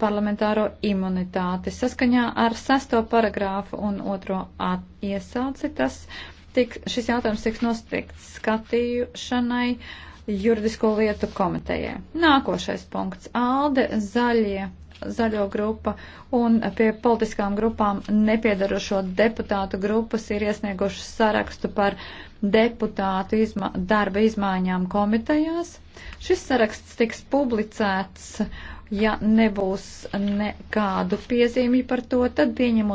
parlamentāro imunitāti. Saskaņā ar sesto paragrāfu un otro iesauci tas tik, šis jautājums tiks nostiekts skatīšanai juridisko lietu komitejai. Nākošais punkts - ALDE zaļie zaļo grupa un pie politiskām grupām nepiedarošo deputātu grupas ir iesnieguši sarakstu par deputātu izma darba izmaiņām komitejās. Šis saraksts tiks publicēts, ja nebūs nekādu piezīmju par to, tad pieņemot.